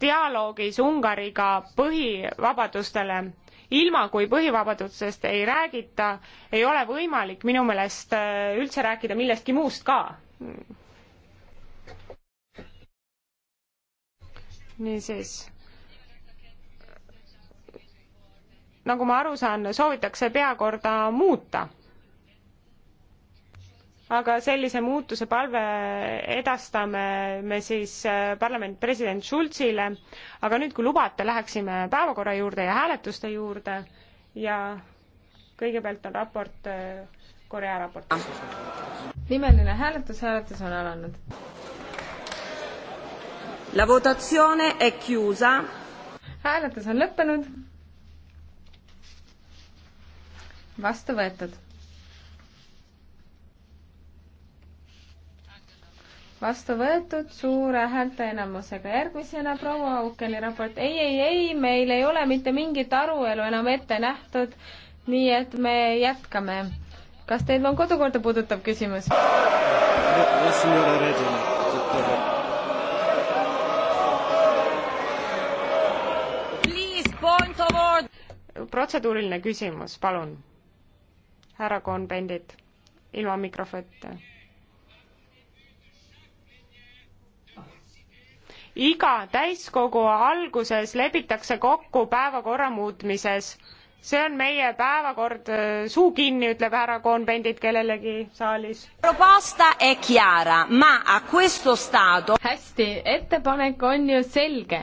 dialoogis Ungariga põhivabadustele. ilma, kui põhivabadustest ei räägita, ei ole võimalik minu meelest äh, üldse rääkida millestki muust ka. niisiis. nagu ma aru saan, soovitakse peakorda muuta aga sellise muutuse palve edastame me siis äh, parlamendi president Schulzile. aga nüüd, kui lubate, läheksime päevakorra juurde ja hääletuste juurde ja kõigepealt on raport, äh, Korea raport. nimeline hääletus, hääletus on alanud. La votazione è chiusa. hääletus on lõppenud. vastu võetud vastu võetud suure häälteenamusega. järgmisena proua Aukeni raport. ei, ei, ei, meil ei ole mitte mingit aruelu enam ette nähtud, nii et me jätkame. kas teil on kodukorda puudutav küsimus? protseduuriline küsimus, palun. härra Kohn-Pendit, ilma mikrofonita iga täiskogu alguses lepitakse kokku päevakorra muutmises. see on meie päevakord, suu kinni, ütleb härra Cohn-Bendit kellelegi saalis. Stato... hästi, ettepanek on ju selge,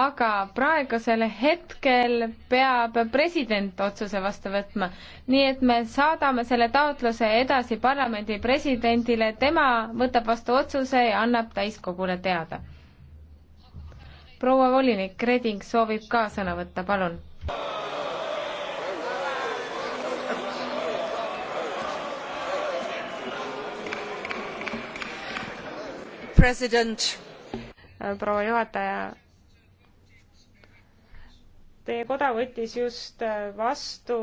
aga praegusel hetkel peab president otsuse vastu võtma. nii et me saadame selle taotluse edasi parlamendi presidendile, tema võtab vastu otsuse ja annab täiskogule teada proua volinik Reding soovib ka sõna võtta, palun. president. Äh, proua juhataja teie koda võttis just äh, vastu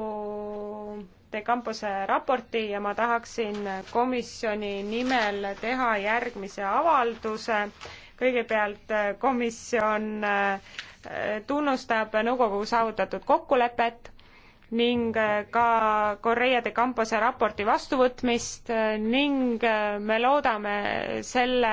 De Campose raporti ja ma tahaksin komisjoni nimel teha järgmise avalduse kõigepealt äh, komisjon äh, tunnustab nõukogu saavutatud kokkulepet ning äh, ka Correia de Campose raporti vastuvõtmist ning me loodame selle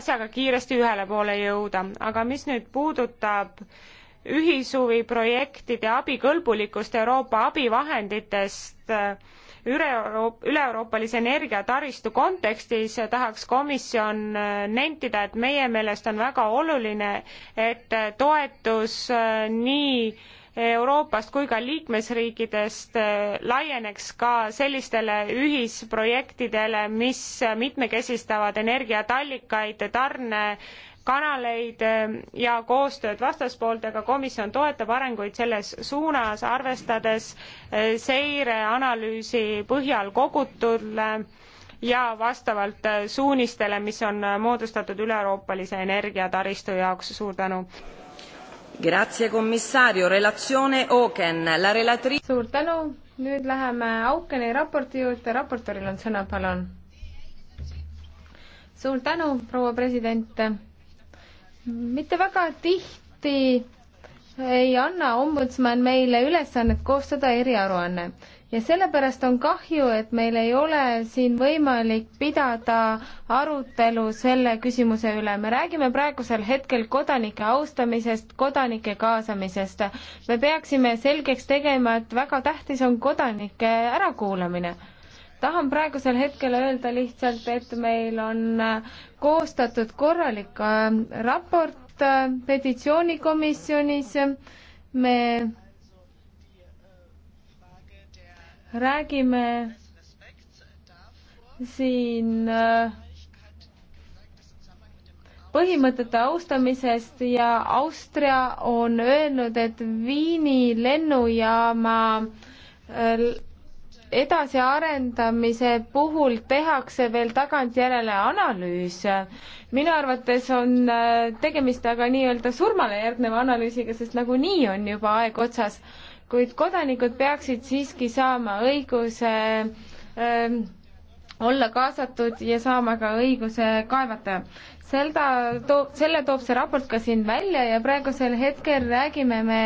asjaga kiiresti ühele poole jõuda. aga mis nüüd puudutab äh, ühishuviprojektide abikõlbulikkust Euroopa abivahenditest äh, üleeuroopalise energiataristu kontekstis tahaks komisjon äh, nentida, et meie meelest on väga oluline, et äh, toetus nii Euroopast kui ka liikmesriikidest laieneks ka sellistele ühisprojektidele, mis mitmekesistavad energiaallikaid, tarne kanaleid ähm, ja koostööd vastaspooltega. komisjon toetab arenguid selles suunas, arvestades äh, seireanalüüsi põhjal kogutule äh, ja vastavalt äh, suunistele, mis on moodustatud üleeuroopalise energiataristu jaoks. suur tänu! Grazie commissario, relatsioone Oken, la relatri-. suur tänu, nüüd läheme Aukeni raporti juurde, raportoril on sõna, palun. suur tänu, proua president mitte väga tihti ei anna ombudsman meile ülesannet koostada eriaruanne ja sellepärast on kahju, et meil ei ole siin võimalik pidada arutelu selle küsimuse üle. me räägime praegusel hetkel kodanike austamisest, kodanike kaasamisest. me peaksime selgeks tegema, et väga tähtis on kodanike ärakuulamine tahan praegusel hetkel öelda lihtsalt, et meil on äh, koostatud korralik äh, raport äh, petitsioonikomisjonis. me räägime siin põhimõtete austamisest ja Austria on öelnud, et Viini lennujaama edasiarendamise puhul tehakse veel tagantjärele analüüs. minu arvates on äh, tegemist aga nii-öelda surmale järgneva analüüsiga, sest nagunii on juba aeg otsas, kuid kodanikud peaksid siiski saama õiguse äh, olla kaasatud ja saama ka õiguse kaevata. Selda toob, selle toob see raport ka siin välja ja praegusel hetkel räägime me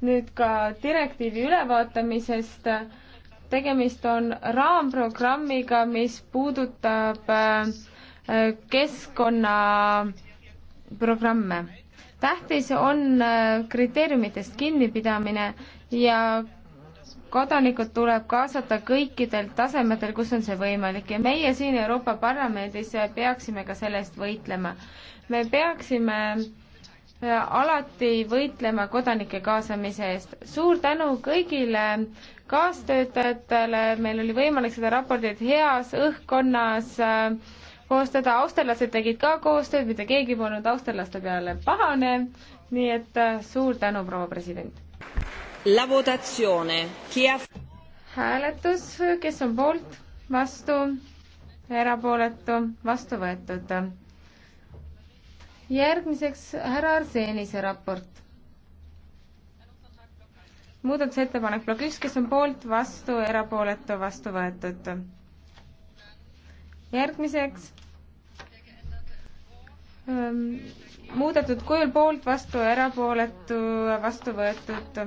nüüd ka direktiivi ülevaatamisest äh, tegemist on raamprogrammiga, mis puudutab äh, keskkonnaprogramme. tähtis on äh, kriteeriumitest kinnipidamine ja kodanikud tuleb kaasata kõikidel tasemetel, kus on see võimalik ja meie siin Euroopa Parlamendis peaksime ka selle eest võitlema. me peaksime alati võitlema kodanike kaasamise eest. suur tänu kõigile kaastöötajatele, meil oli võimalik seda raportit heas õhkkonnas äh, koostada, austerlased tegid ka koostööd, mitte keegi polnud austerlaste peale pahane, nii et äh, suur tänu, proua president! hääletus, kes on poolt, vastu, erapooletu, vastu võetud järgmiseks härra Arseenise raport. muudatusettepanek plokk üks, kes on poolt, vastu, erapooletu, vastu võetud. järgmiseks ähm, muudetud kujul poolt, vastu, erapooletu, vastu võetud.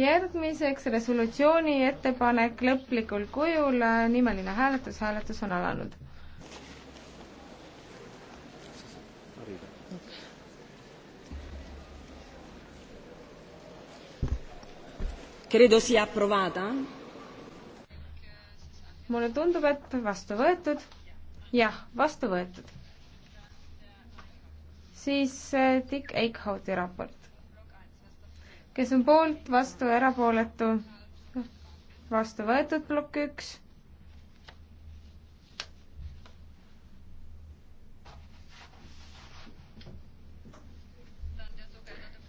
järgmiseks resolutsiooni ettepanek lõplikul kujul, äh, nimeline hääletus, hääletus on alanud credo sia approvata. mulle tundub, et vastu võetud. jah, vastu võetud. siis äh, Dick Eichhouti raport. kes on poolt, vastu, erapooletu? vastu võetud plokk üks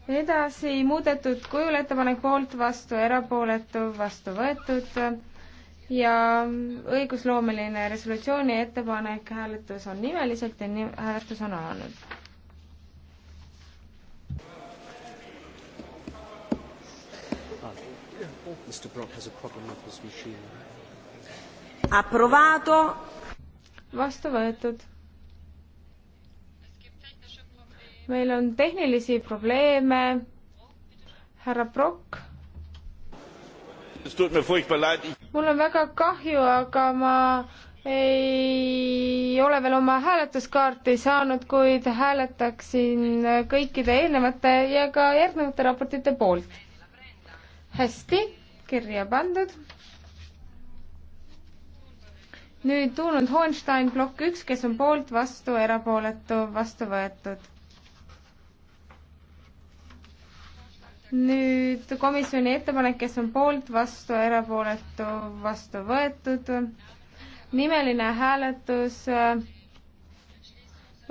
edasi muudetud kujul ettepanek poolt vastu, erapooletu vastu võetud ja õigusloomeline resolutsiooni ettepanek, hääletus on nimeliselt ja nii hääletus on alanud. Mr Brock has a problem with his machine. Approvato. vastu võetud meil on tehnilisi probleeme. härra Brock. mul on väga kahju, aga ma ei ole veel oma hääletuskaarti saanud, kuid hääletaksin kõikide eelnevate ja ka järgnevate raportite poolt. hästi, kirja pandud. nüüd tulnud Hohenstein plokk üks, kes on poolt, vastu, erapooletu, vastu võetud nüüd komisjoni ettepanek, kes on poolt, vastu, erapooletu, vastu võetud. nimeline hääletus äh,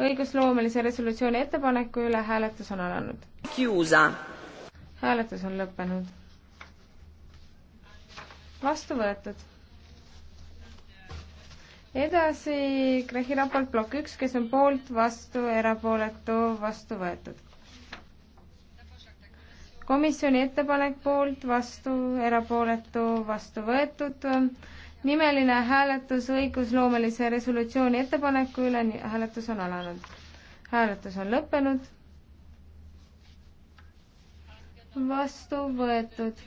õigusloomelise resolutsiooni ettepaneku üle hääletus on alanud. Kiusa. hääletus on lõppenud. vastu võetud. edasi Krehi raport plokk üks, kes on poolt, vastu, erapooletu, vastu võetud komisjoni ettepanek poolt, vastu, erapooletu, vastu võetud. nimeline hääletus õigusloomelise resolutsiooni ettepaneku üle, hääletus on alanud. hääletus on lõppenud. vastu võetud.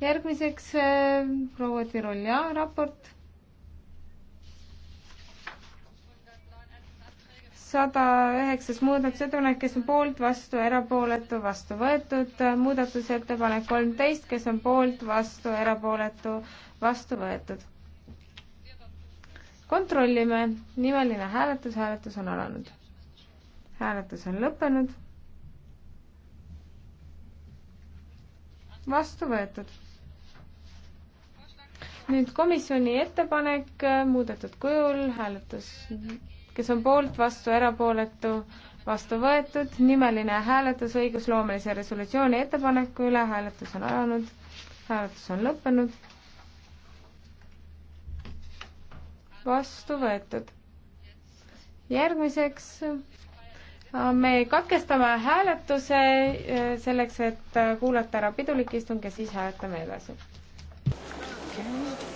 järgmiseks äh, proua Tirolja raport sada üheksas muudatusettepanek, kes on poolt, vastu, erapooletu, vastu võetud. muudatusettepanek kolmteist, kes on poolt, vastu, erapooletu, vastu võetud. kontrollime, nimeline hääletus, hääletus on alanud. hääletus on lõppenud. vastu võetud nüüd komisjoni ettepanek muudetud kujul, hääletus kes on poolt, vastu, erapooletu, vastu võetud, nimeline hääletus õigusloomelise resolutsiooni ettepaneku üle, hääletus on alanud, hääletus on lõppenud. vastu võetud. järgmiseks äh, me katkestame hääletuse äh, selleks, et äh, kuulata ära pidulik istung ja siis hääletame edasi okay..